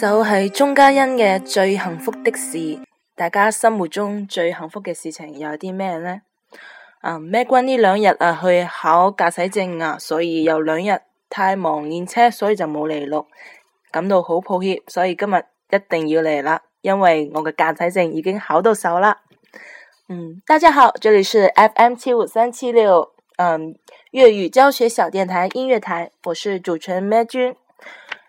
就係鍾嘉欣嘅最幸福的事，大家生活中最幸福嘅事情有啲咩呢？嗯、啊，咩君呢兩日啊去考駕駛證啊，所以有兩日太忙練車，所以就冇嚟錄，感到好抱歉，所以今日一定要嚟啦，因為我嘅駕駛證已經考到手啦。嗯，大家好，這裏是 FM 七五三七六，嗯，粵語教學小電台音樂台，我是主持人咩君。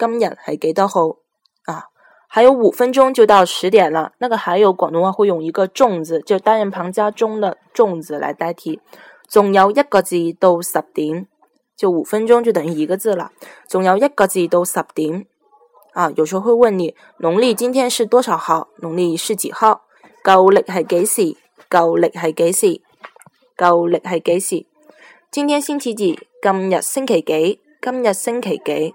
今日係幾多號啊？還有五分鐘就到十點啦。那個還有廣東話會用一個“仲”字，就單人旁加“中”的“仲”字來代替。仲有一個字到十點，就五分鐘就等於一個字啦。仲有一個字到十點啊，有時候會問你農曆今天是多少號？農曆是幾號？舊曆係幾時？舊曆係幾時？舊曆係幾時？今天星期幾？今日星期幾？今日星期幾？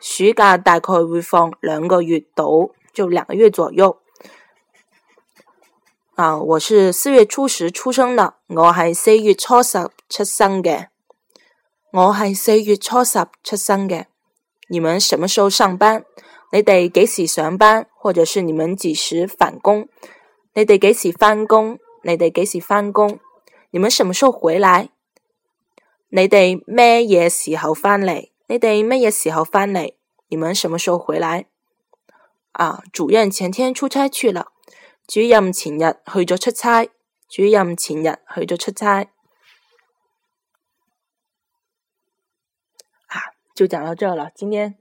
暑假大概會放兩個月到，就兩個月左右。啊，我是四月初十出生啦，我係四月初十出生嘅，我係四月初十出生嘅。你們什麼時候上班？你哋幾時上班？或者是你們幾時返工？你哋幾時返工？你哋幾時返工？你們什麼時候回來？你哋咩嘢時候返嚟？你哋乜嘢時候翻嚟？你們什麼時候回來？啊，主任前天出差去了。主任前日去咗出差。主任前日去咗出差。啊，就講到這了，今天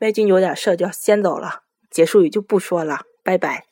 最近有點事，就要先走了。結束語就不說了，拜拜。